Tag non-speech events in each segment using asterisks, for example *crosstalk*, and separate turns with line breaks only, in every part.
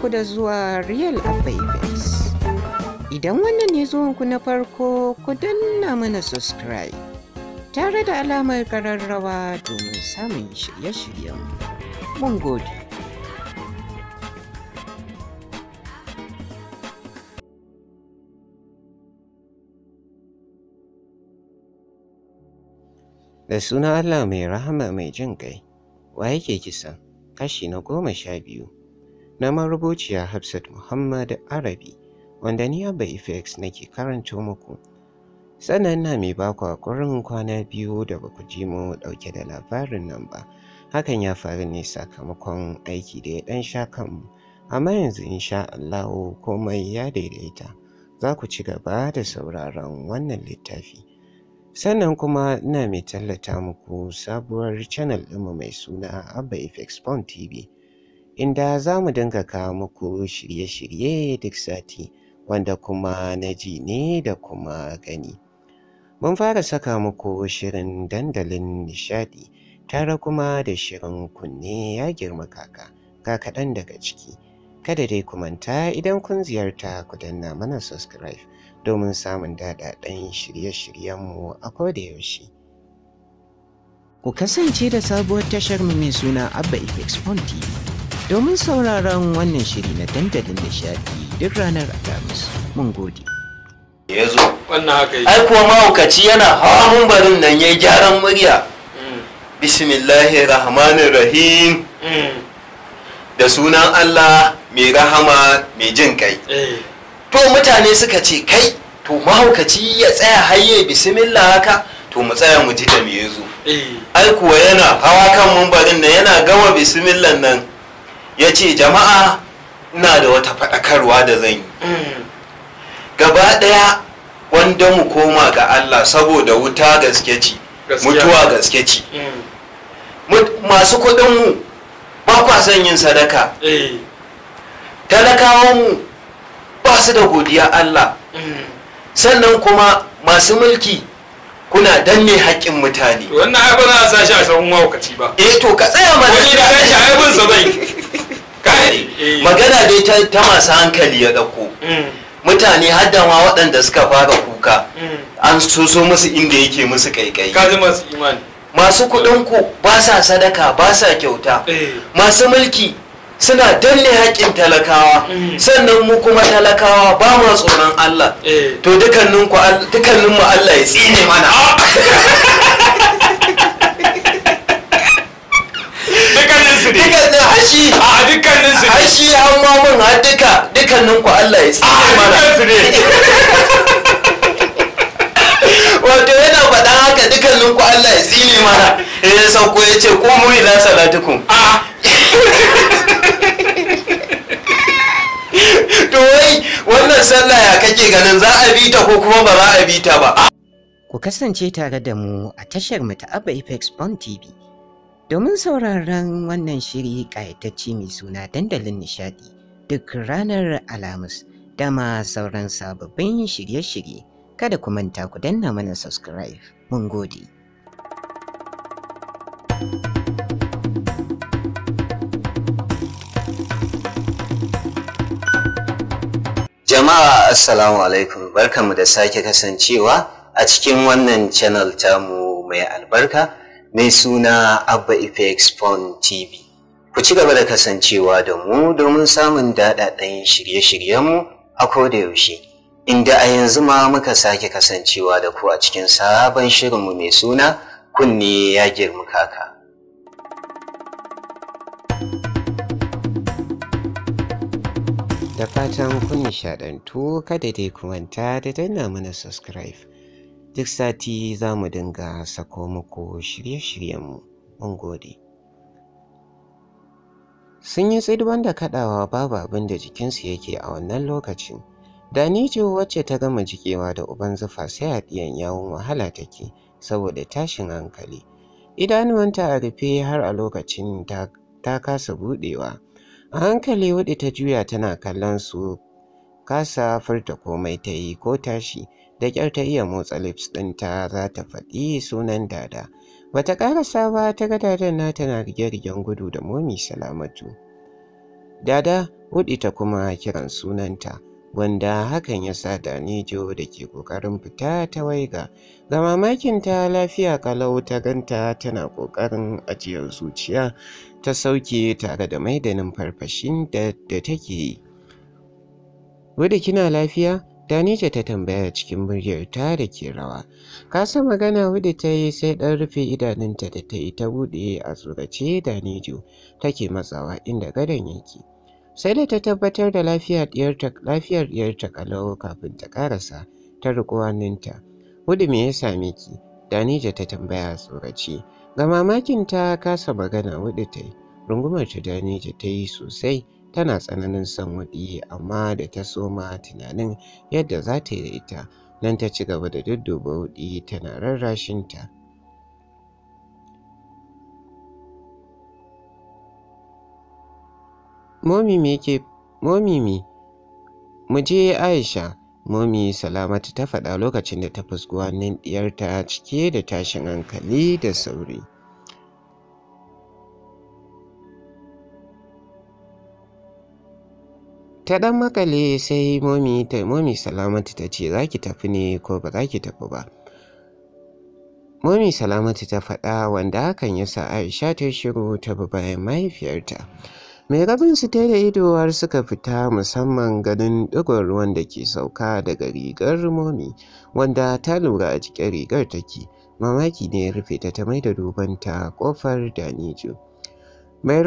ku da zuwa Real Abavis. Idan wannan ne zuwanku na farko ku danna mana subscribe tare da alamar kararrawa domin samun shirye-shiryen. Mun gode. Da suna Allah mai rahama mai jin kai, wa yake kisan kashi na goma sha biyu. na marubuciya Hafsat Muhammad Arabi wanda ni Abba Effects nake karanto muku. Sannan na mai baku hakurin kwana biyu da baku ji mu dauke da labarin nan ba. Hakan ya faru ne sakamakon aiki da ya dan sha mu Amma yanzu insha Allah komai ya daidaita. Za ku ci gaba da sauraron wannan littafi. Sannan kuma ina mai tallata muku sabuwar channel ɗinmu mai suna Abba Effects pon TV. inda za mu dinga kawo muku shirye-shirye duk sati wanda kuma na ji ne da kuma gani. Mun fara saka muku shirin dandalin nishadi tare kuma da shirin kunne ya girma kaka kaka kaɗan daga ciki. Kada dai ku manta idan kun ziyarta ku danna mana subscribe domin samun daɗaɗɗen shirye-shiryenmu a kodayaushe. Ku kasance da sabuwar tashar mu mai suna Abba Effects on TV. domin sauraron wannan shiri na dandalin nishaɗi duk ranar alhamis mun gode.
ya wannan haka yi ai mahaukaci yana hawa mumbarin nan ya gyaran murya mm. bismillahi rahmanir rahim mm. da sunan allah mai rahama mai jin kai eh. to mutane suka ce kai to mahaukaci ya tsaya haye bismillah haka to mu tsaya mu ji da me ya eh. Aikuwa yana hawa kan mumbarin nan yana gama bismillah nan ya ce jama'a na da wata faɗakarwa da zan yi mm. gaba ɗaya wanda mu koma ga allah saboda wuta gaske ce mutuwa gaske ce mm. masu kuɗinmu ba kwa son yin sadaka eh. talakawanmu ba su da godiya allah mm. sannan kuma masu mulki kuna danne haƙƙin mutane wannan ai ba a sashi a sabon mawakaci ba eh to ka tsaya mana wani da kan shi ai bin sa bai kare eh. magana dai ta masu hankali ya ɗauko mm. mutane hadda ma waɗanda suka fara kuka mm. an soso musu inda yake musu kaikai masu imani masu kuɗin ku ba sa sadaka ba sa kyauta eh. masu mulki suna danne haƙƙin talakawa mm. sannan mu kuma talakawa ba ma tsoron Allah eh. to dukannin mu Allah ya tsine mana *laughs* ne dukkanin hashi a dukkanin su hashi an mun ha duka dukkanin ku Allah ya tsare mana a wato yana faɗa haka dukkanin ku Allah ya tsine mana ya sauko ya ce ko mu ila salatukum a
*laughs* to wai wannan sallah ya kake ganin za a bi ta ko kuma ba za a bi ta ba ku kasance tare da mu a tashar mu ta Abba Apex Bond TV domin sauraron wannan shiri ƙayatacce mai suna dandalin nishaɗi duk ranar Alhamis da ma sauran sababbin shirye-shirye kada ku manta ku danna mana subscribe mun gode.
Jama'a Assalamu alaikum barkanmu da sake kasancewa a cikin wannan channel tamu mai albarka. mai suna Abba Effects Phone TV. Ku ci gaba da kasancewa da mu domin samun daɗaɗɗen shirye-shiryenmu a yaushe, inda a yanzu ma muka sake kasancewa da ku a cikin sabon shirinmu mai suna kunne ya girmi kaka.
da fatan kun shaɗantu, kada dai ku manta da danna mana subscribe duk sati za mu dinga sako muku shirye-shiryenmu mun gode sun yi tsidban da kaɗawa babu abin da jikinsu yake a wannan lokacin Da ni ce wacce ta gama jikewa da uban zufa sai a ɗiyan yawon wahala take saboda tashin hankali idanuwanta a rufe har a lokacin ta, kasa buɗewa a hankali wuɗi ta juya tana kallon su kasa furta komai ta yi ko tashi da kyar ta iya motsa lips ɗinta za ta faɗi sunan dada bata ƙarasa ba ta ga dadan nata na rige-rigen gudu da momi salamatu dada hudi ta kuma kiran sunanta wanda hakan ya sa Danijo da ke ƙoƙarin fita ta waiga. Ga mamakinta lafiya kalau ta ganta tana ƙoƙarin ajiyar zuciya ta sauke tare da maidanin farfashin da take yi. Wadda kina lafiya? Danija ta tambaya cikin muryar ta da ke rawa. Kasa magana wadda ta yi sai ɗan rufe idanunta da ta yi ta buɗe a tsorace Danijo take matsawa inda gadon yake. Sai da ta tabbatar da lafiyar ɗiyarta ƙalau kafin ta ƙarasa ta riƙo hannunta. Hudu me ya same ki? Danija ta tambaya a tsorace. Ga mamakin ta kasa magana wadda ta yi. Rungumar ta Danija ta yi sosai tana tsananin son waɗiye amma da ta soma tunanin yadda za ta yi da ita nan ta ci gaba da dudduba waɗiye tana rarrashinta. Momi me yake Momi me mu je Aisha Momi Salamatu ta faɗa lokacin da ta fuskuwa hannun ɗiyarta cike da tashin hankali da sauri. ta ɗan makale sai momi ta momi salamatu ta ce za ki tafi ne ko ba za ki tafi ba momi salamatu ta faɗa wanda hakan ya sa aisha ta shiru ta bi bayan mahaifiyarta mai rabin su ta da ido har suka fita musamman ganin ɗigon ruwan da ke sauka daga rigar momi wanda ta lura a cikin rigar take mamaki ne ya rufe ta ta mai da dubanta kofar danijo mai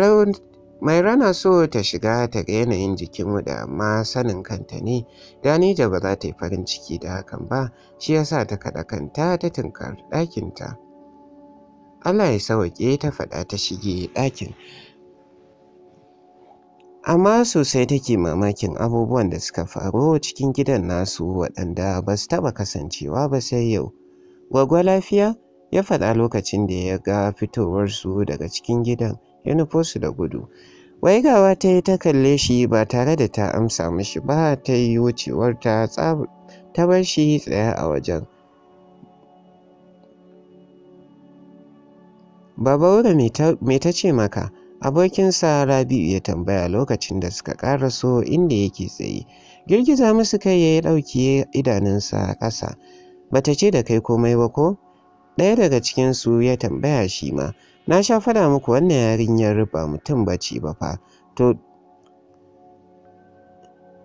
Mai na so ta shiga ta ga yanayin jikinmu da ma sanin kanta ne, da ni da ba za ta yi farin ciki da hakan ba, shi ya sa ta kaɗa kanta ta tunkar ɗakinta. Allah ya waƙe ta faɗa ta shige ɗakin. Amma sosai take mamakin abubuwan da suka faru cikin gidan nasu waɗanda ba su taɓa kasancewa ba sai yau. Gwagwa lafiya? ya faɗa lokacin da ya ga fitowarsu daga cikin gidan Yunifosu da gudu waigawa ta yi ta kalle shi ba tare da ta amsa mishi ba ta yi wucewar ta ta bar shi tsaye a wajen Baba wura me ta ce maka abokinsa rabi'u ya tambaya lokacin da suka ƙaraso inda yake tsaye girgiza musu kai ya yi ɗauki idanunsa ƙasa bata ce da kai komai ba ko ɗaya daga cikinsu ya tambaya shi ma Na sha faɗa muku wannan yarinyar ba mutum bace ba fa. To,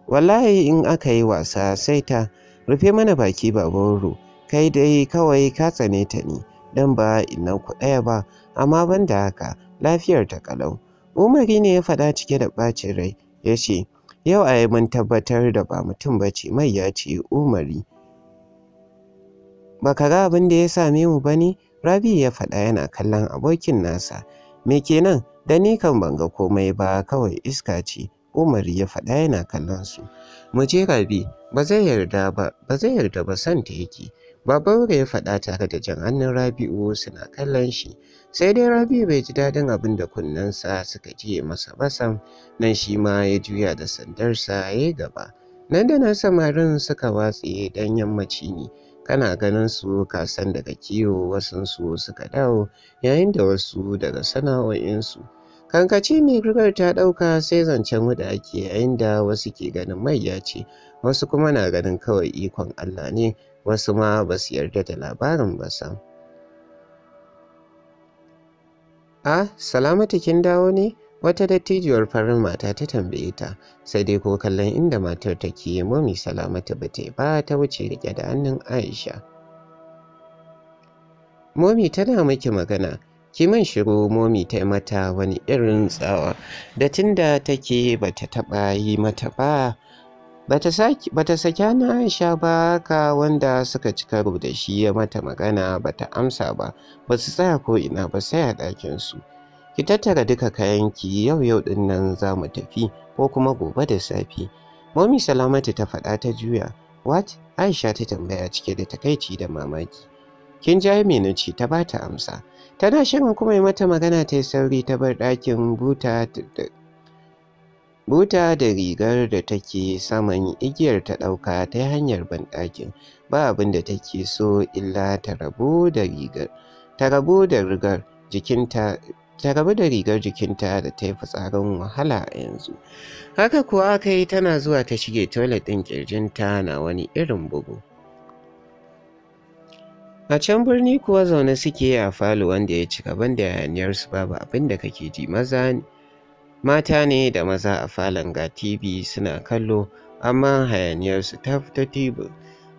wallahi in aka yi wasa sai ta rufe mana baki ba boro Kai dai kawai ka tsane ta ni. dan ba ina ku ɗaya ba, amma ban da haka lafiyar ta kalau. Umari ne ya faɗa cike da ɓacin rai, ya ce, Yau a yi mun tabbatar da ba mutum ba mai ya ce Umari. Ba ka ga abin da ya same mu ba ne? Rabi'u ya faɗa yana kallon abokin nasa. Me kenan? Da ni kan ban ga komai ba kawai iska ce. Umar ya faɗa yana kallon su. Mu je Rabi, ba zai yarda ba, ba zai yarda ba ta yake. Babaure ya faɗa tare da jan hannun Rabi'u suna kallon shi. Sai dai Rabi'u bai ji daɗin abin da kunnensa suka je masa basan, nan shi ma ya juya da sandarsa ya yi gaba. Nan da nan samarin suka watse dan yammaci ne. kana ganin su kasan daga kiwo wasansu suka dawo yayin da wasu daga sana'o'insu kankaci ne rigar ta ɗauka sai zancen wuda ake yayin da wasu ke ganin maiya ce wasu kuma na ganin kawai ikon allah ne wasu ma ba su yarda da labarin ba sam a ah, salamatu kin dawo ne Wata dattijuwar farin mata ta tambaye ta, sai dai ko kallon inda matar take momi salamata ba ta ba ta wuce rike da hannun Aisha. Momi tana miki magana, ki min shiru momi ta yi mata wani irin tsawa, da tunda take ba ta taɓa yi mata ba. bata saki na Aisha ba ka wanda suka ci karo da shi ya mata magana ba ta amsa ba ba su tsaya ko ina ba sai a ɗakinsu. su ki tattara duka kayanki yau yau din nan za mu tafi ko kuma gobe da safe momi salamatu ta faɗa ta juya what aisha ta tambaya cike da takaici da mamaki kin ja yi ce ta ba ta amsa tana shirin kuma yi mata magana ta yi sauri ta bar ɗakin buta da buta da rigar da take saman igiyar ta ɗauka ta yi hanyar banɗakin ba abin da take so illa ta rabu da rigar ta rabu da rigar jikinta ta gaba da rigar jikinta da ta yi fitsarin wahala a yanzu haka kuwa aka yi tana zuwa ta shige toilet ɗin ta na wani irin bugu a can birni kuwa zaune suke a falo wanda ya ci da banda hayaniyarsu babu abin da kake ji maza mata ne da maza a falon ga tv suna kallo amma hayaniyarsu ta fita tebur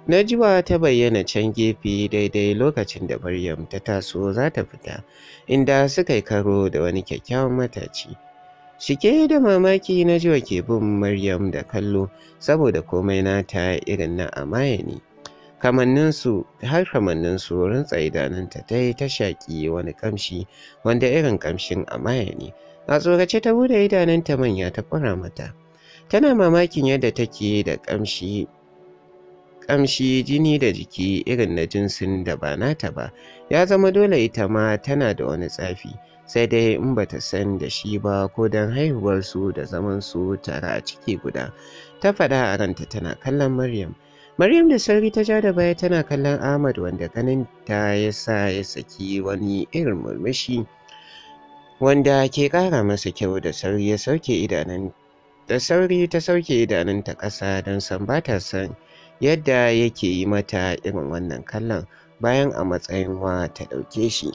Najwa ta bayyana can gefe daidai lokacin da Maryam ta taso za ta fita, inda suka yi karo da wani kyakkyawan mataci. Shike da mamaki Najwa ke bin Maryam da kallo saboda komai nata irin na amaya ne. Kamanninsu har kamanninsu rantsa idanunta ta yi ta shaƙi wani ƙamshi wanda irin ƙamshin amaya ne. A tsorace ta bude idanunta manya ta ƙura mata. Tana mamakin yadda take da ƙamshi ƙamshi jini da jiki irin na jinsin da ba nata ba ya zama dole ita ma tana da wani tsafi sai dai in bata san da shi ba ko don haihuwar su da zaman su tare a ciki guda ta faɗa a ranta tana kallon maryam Maryam da sauri ta ja da baya tana kallon Ahmad wanda ta ya sa ya saki wani irin murmushi wanda ke ƙara masa kyau da sauri ya sauke idanun da sauri ta sauke idanunta ƙasa don san ba ta san yadda yake yi mata irin wannan kallon bayan a matsayin wa ta ɗauke shi.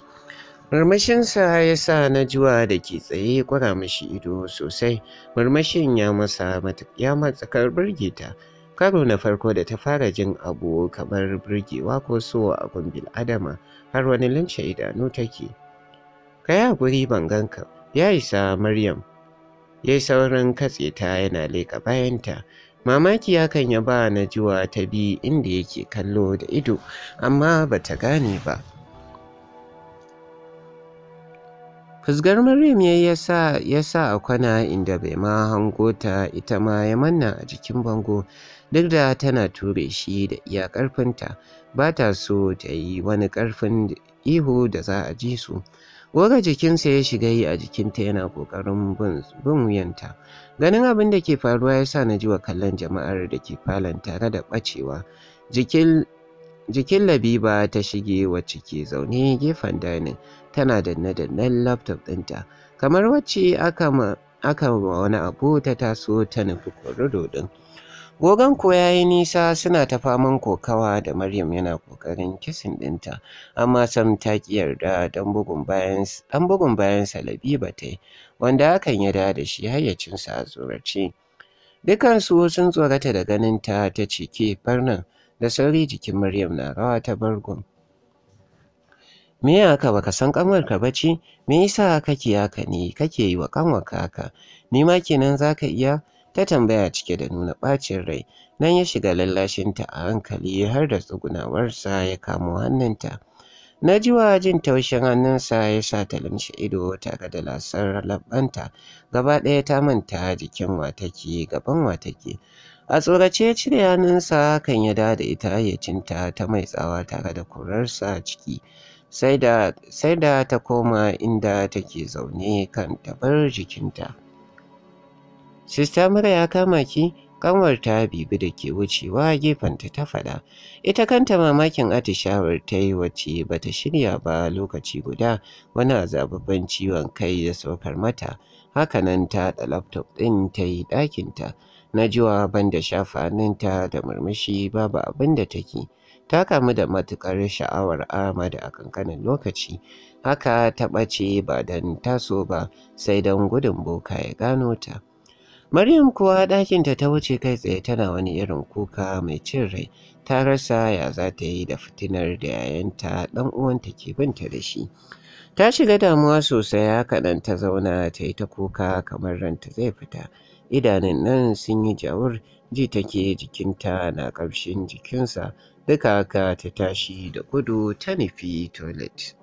Murmushinsa ya sa na juwa da ke tsaye kwara mashi ido sosai, murmushin ya masa ya matsakar burge ta. Karo na farko da ta fara jin abu kamar burgewa ko so a bil adama har wani lince idanu take. Ka yi haƙuri ban ganka, ya isa Maryam. Ya yi saurin katse ta yana leƙa bayanta, Mamaki hakan ya ba Najwa ta bi inda yake kallo da ido, amma ba ta gane ba. Fusgar Maryam ya sa ya sa a kwana inda bai ma hango ta ita ma ya manna a jikin bango duk da tana ture shi da iya ƙarfinta ba ta so ta yi wani ƙarfin ihu da za a ji su. Goga jikinsa ya shiga yi a jikinta yana ƙoƙarin bin wuyanta. Ganin abin da ke faruwa ya sa na ji wa kallon jama'ar da ke falon tare da ɓacewa. Jikin Labiba ta shige wacce ke zaune gefen dainin tana danne dannen laptop ɗinta kamar wacce aka ma wani abu ta taso ta nufi kororo ɗin. Gogon ko ya yi nisa suna ta faman kokawa da Maryam yana ƙoƙarin kisin ɗinta, amma Sam ta ƙi yarda don bugun bayan dan Salabi ba ta yi, wanda hakan ya da da shi hayyacinsa a tsorace. Dukansu sun tsorata da ganin ta ta cike barnan da sauri jikin Maryam na rawa ta bargon. Me ya haka baka san kanwarka ba ce? Me yasa kake haka ne? Kake yi wa ka haka? Ni ma kenan zaka iya? ta tambaya cike da nuna ɓacin rai nan ya shiga lallashinta a hankali har da tsugunawarsa ya kamo hannunta na ji jin taushin hannunsa ya sa ta lamshe ido tare da lasar labbanta gaba ɗaya ta manta jikin watake gaban watake a tsorace cire hannunsa kan ya da ita cinta ta mai tsawa tare da kurarsa ciki sai da ta koma inda take zaune kan tabar jikinta. Sista mura ya kama ki? Kanwar ta bibi da ke wucewa gefenta ta faɗa. Ita kanta mamakin atishawar ta yi wacce ba ta shirya ba lokaci guda wani azababban ciwon kai da saukar mata. Hakanan ta da laptop ɗin ta yi ɗakinta. Na jiwa ban da shafaninta da murmushi babu abin da take. Ta kamu da matuƙar sha'awar da a kankanin lokaci. Haka ta ɓace ba don taso ba sai don gudun boka ya gano ta. Maryam kuwa ɗakinta ta wuce kai tsaye tana wani irin kuka mai cin rai ta rasa ya za ta yi da fitinar da yayanta ɗan uwanta ke binta da shi. Ta shiga damuwa sosai haka kaɗan, ta zauna ta yi ta kuka kamar ranta zai fita. Idanun nan sun yi jawur ji take jikinta na ƙarshen jikinsa duka haka ta tashi da gudu ta nufi toilet.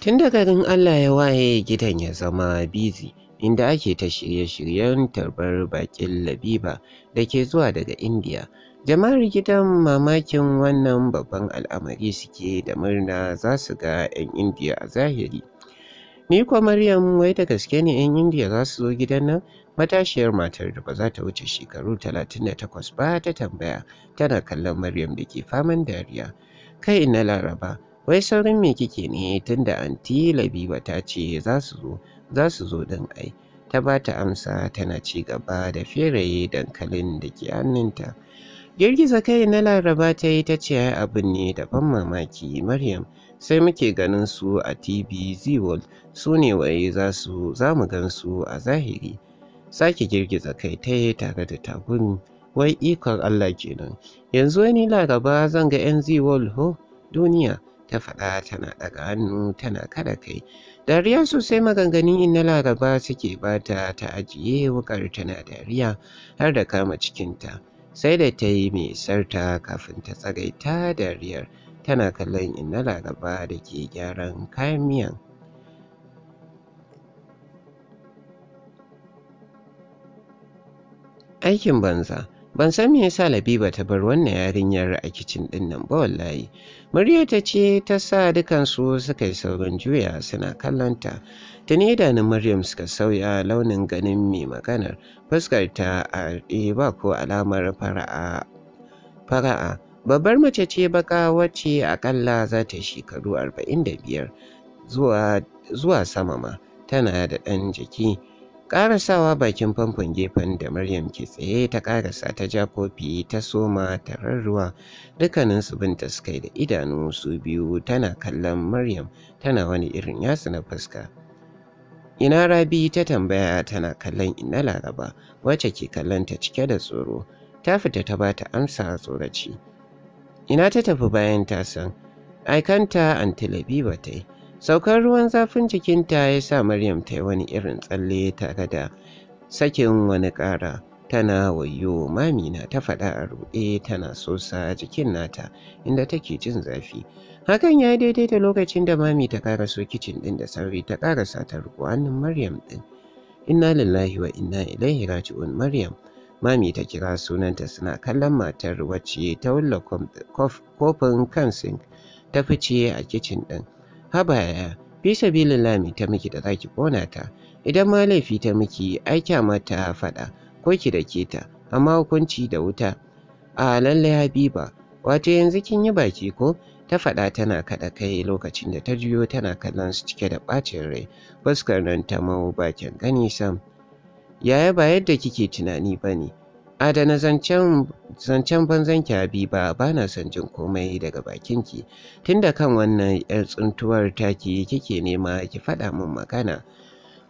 Tun da garin Allah ya waye gidan ya zama bizi inda ake ta shirye-shiryen tarbar bakin Labiba da ke zuwa daga Indiya. Jama'ar gidan mamakin wannan babban al'amari suke da murna za su ga 'yan Indiya a zahiri. Ni kuwa Maryam wai da gaske ne 'yan Indiya za su zo gidan nan? Matashiyar matar da ba za ta wuce shekaru 38 ba ta tambaya tana kallon Maryam da ke faman dariya. Kai ina Laraba, wai saurin me kike ne tunda anti labiba ta ce za su zo za su zo ɗin ai ta ba ta amsa tana ci gaba da feraye dankalin da ke hannunta girgiza kai na laraba ta yi ta ce ai abin ne da ban mamaki maryam sai muke ganin su a tv World, su ne waye za su za mu gan su a zahiri sake girgiza kai ta yi tare da tagun wai ikon allah kenan yanzu wani laraba zan ga yan World ho duniya ta faɗa tana ɗaga hannu tana kada kai dariya sosai maganganun na laraba suke bata ta ajiye wukar tana dariya har da kama cikinta sai da ta yi mai sarta kafin ta tsagaita dariyar tana kallon na laraba da ke gyaran kayan miyan aikin banza ban san me yasa Labiba ta bar wannan yarinyar a kicin ɗinnan nan ba wallahi. Murya ta ce ta sa dukansu suka yi saurin juya suna kallonta. Tuni ni Maryam suka sauya launin ganin mai maganar fuskar ta a ba ko alamar fara'a. Fara'a babbar mace ce baka wacce akalla za ta shekaru 45 zuwa zuwa sama ma tana da ɗan jiki Ƙarasawa bakin famfon gefen da Maryam ke tsaye ta ƙarasa ta ja kofi ta soma tarar dukkanin dukkaninsu binta suka da idanu su biyu tana kallon Maryam tana wani irin yatsu na fuska. Ina Rabi ta tambaya tana kallon ina Laraba wacce ke kallon ta cike da tsoro ta fita ta bata amsa tsoraci. Ina ta tafi bayan ta san aikanta Antila Biba ta yi saukar ruwan zafin jikinta ya sa maryam ta yi wani irin tsalle tare da sakin wani ƙara tana wayo mamina ta faɗa a ruɗe tana sosa jikin nata inda take jin zafi hakan ya daidai da lokacin da mami ta so kicin ɗin da sauri ta sa ta ruku hannun maryam ɗin inna lillahi wa inna ilaihi raji'un maryam mami ta kira sunanta suna kallon matar wacce ta wulla kofin kansin ta fice a kicin ɗin haba yaya fi sabilillah lami ta miki da zaki kona ta idan ma laifi ta miki ai mata faɗa ko ki dake ta amma hukunci da wuta a lalle habiba wato yanzu kin yi baki ko ta faɗa tana kada kai lokacin da ta juyo tana kallon su cike da bacin rai fuskar nan ta mawo bakin gani sam yaya ba yadda kike tunani bane adana zancen banzan kyabi habiba ba na son jin komai daga bakinki tunda kan wannan yar tsuntuwar taki kike nema ki faɗa min magana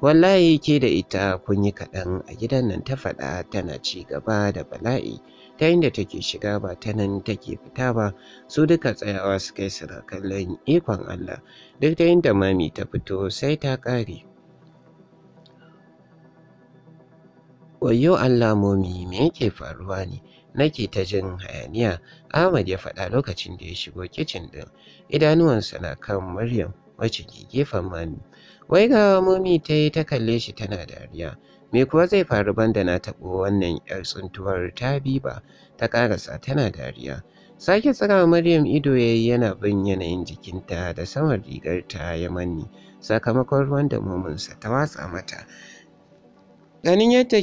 wallahi ke da ita kun yi kaɗan a gidan nan ta faɗa tana ci gaba da bala'i ta inda take shiga ba ta nan take fita ba su duka tsayawa su kai su kallon ikon Allah duk ta inda mami ta fito sai ta ƙare Wayo Allah momi me yake faruwa ne? Nake ta jin hayaniya. Ahmad ya faɗa lokacin da ya shigo kicin ɗin. Idanuwansa na kan Maryam wacce ke gefen mami. Wai ga momi ta yi ta kalle shi tana dariya. Me kuwa zai faru banda na taɓo wannan 'yar tsuntuwar ta biba? Ta ƙarasa tana dariya. Sake tsaka Maryam ido ya yana bin yanayin jikinta da saman rigar ta ya manni sakamakon ruwan da mominsa ta watsa mata. ganin yadda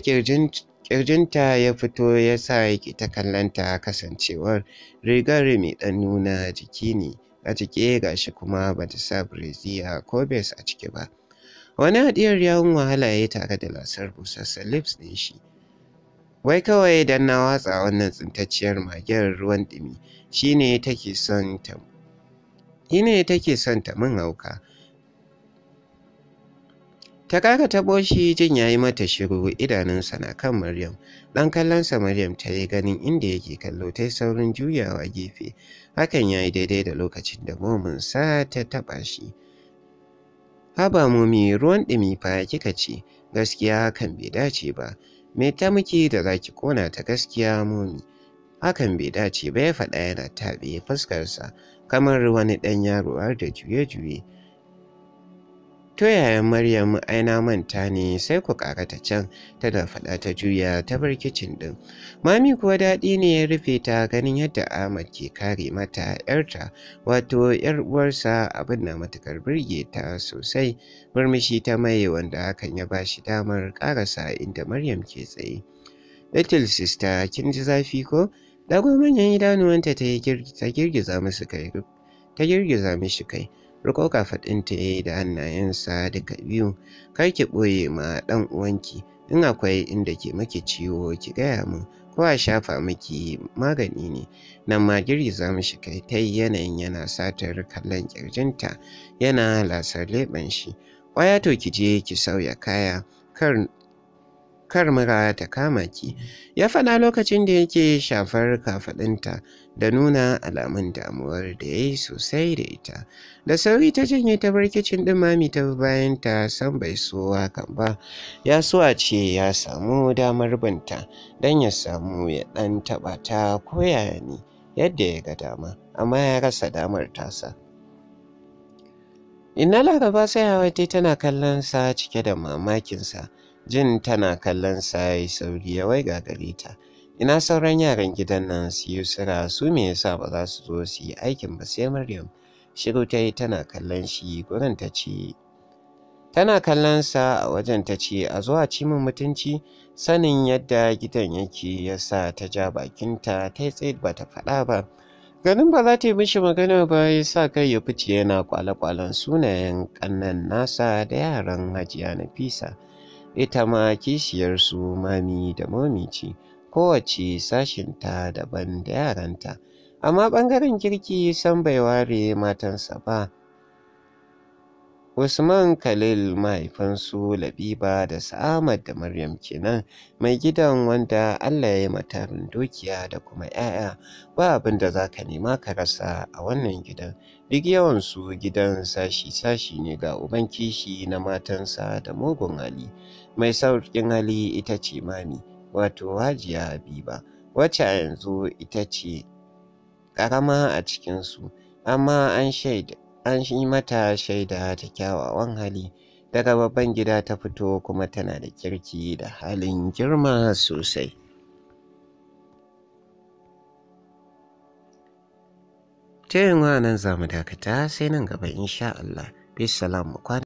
ƙirjinta ya fito ya sa yake ta kallonta kasancewar rigar mai ɗan nuna jiki ne a jike shi kuma ba ta sa breziya ko bes a ciki ba wani haɗiyar yawon wahala ya tare da lasar busassa lips ne shi wai kawai don na watsa wannan tsintacciyar magiyar ruwan ɗumi Shi ne take son ta min hauka Ta kaka taɓo shi jin ya yi mata shiru idanunsa na kan Maryam. Ɗan kallonsa Maryam ta yi ganin inda yake kallo ta yi saurin juyawa gefe. Hakan ya yi daidai da lokacin da mominsa ta taɓa shi. Haba momi ruwan ɗumi fa kika ce, gaskiya hakan bai dace ba. Me ta muke da za ki ƙona ta gaskiya momi? Hakan bai dace ba ya faɗa yana taɓe fuskarsa kamar wani ɗan yaro har da juye-juye. To yayan Maryam aina manta ne sai ku ta can tana faɗa ta juya ta bar kicin ɗin. Mami kuwa daɗi ne ya rufe ta ganin yadda Ahmad ke kare mata ‘yarta wato ‘yar uwarsa abin na matuƙar birge ta sosai murmushi ta mai wanda hakan ya ba shi damar ƙarasa inda Maryam ke tsaye. Little sister kin ji zafi ko? Dago manyan idanuwanta ta girgiza musu ta girgiza mishi kai. riko kafaɗinta ya yi da hannayensa duka biyu kar ki ɓoye ma ɗan uwanki in akwai inda ke maki ciwo ki gaya mu ko a shafa miki magani ne nan ma giri za mu shi kai ta yanayin yana satar kallon kirjinta yana lasar leɓen shi ƙwaya to ki je ki sauya kaya kar kar mura ta kama ki ya faɗa lokacin da yake shafar kafaɗinta da nuna alamun damuwar da ya yi sosai da ita da sauri ta janye ta bar kicin ɗin mami ta bayan ta san bai so hakan ba ya so a ce ya samu damar binta don ya samu ya ɗan taɓa ta koya ne yadda ya ga dama amma ya rasa damar tasa Inna Laraba sai Hawati tana kallon sa cike da mamakinsa. jin tana kallon sa ya yi sauri ya ga gare ta ina sauran yaran gidan nan su yi sira su me yasa ba za su zo su yi aikin ba sai maryam shiru ta yi tana kallon shi gurin ta ce tana kallon sa a wajen ta ce a zuwa cimin mutunci sanin yadda gidan yake ya sa ta ja bakinta ta yi tsaye ba ta faɗa ba ganin ba za ta yi mishi magana ba ya sa kai ya fice yana kwale-kwalen sunayen ƙannan nasa da yaran hajiya na fisa. ita ma kishiyarsu mami da mamici ce kowace sashinta daban da yaranta amma ɓangaren kirki san bai ware matansa ba Usman Khalil mahaifinsu Labiba da Sa'amad da Maryam kenan mai gidan wanda Allah ya yi matarin dukiya da kuma 'ya'ya ba abin da za ka nema ka rasa a wannan gidan duk yawansu gidan sashi-sashi ne ga uban kishi na matansa da mugun hali mai sauƙin hali ita ce mami wato hajiya Habiba wacce a yanzu ita ce ƙarama a cikinsu amma an shaida an yi mata shaida ta kyawawan hali daga babban gida ta fito kuma tana da kirki da halin girma sosai ta yin nan za mu dakata sai nan gaba insha Allah bisalamu kwana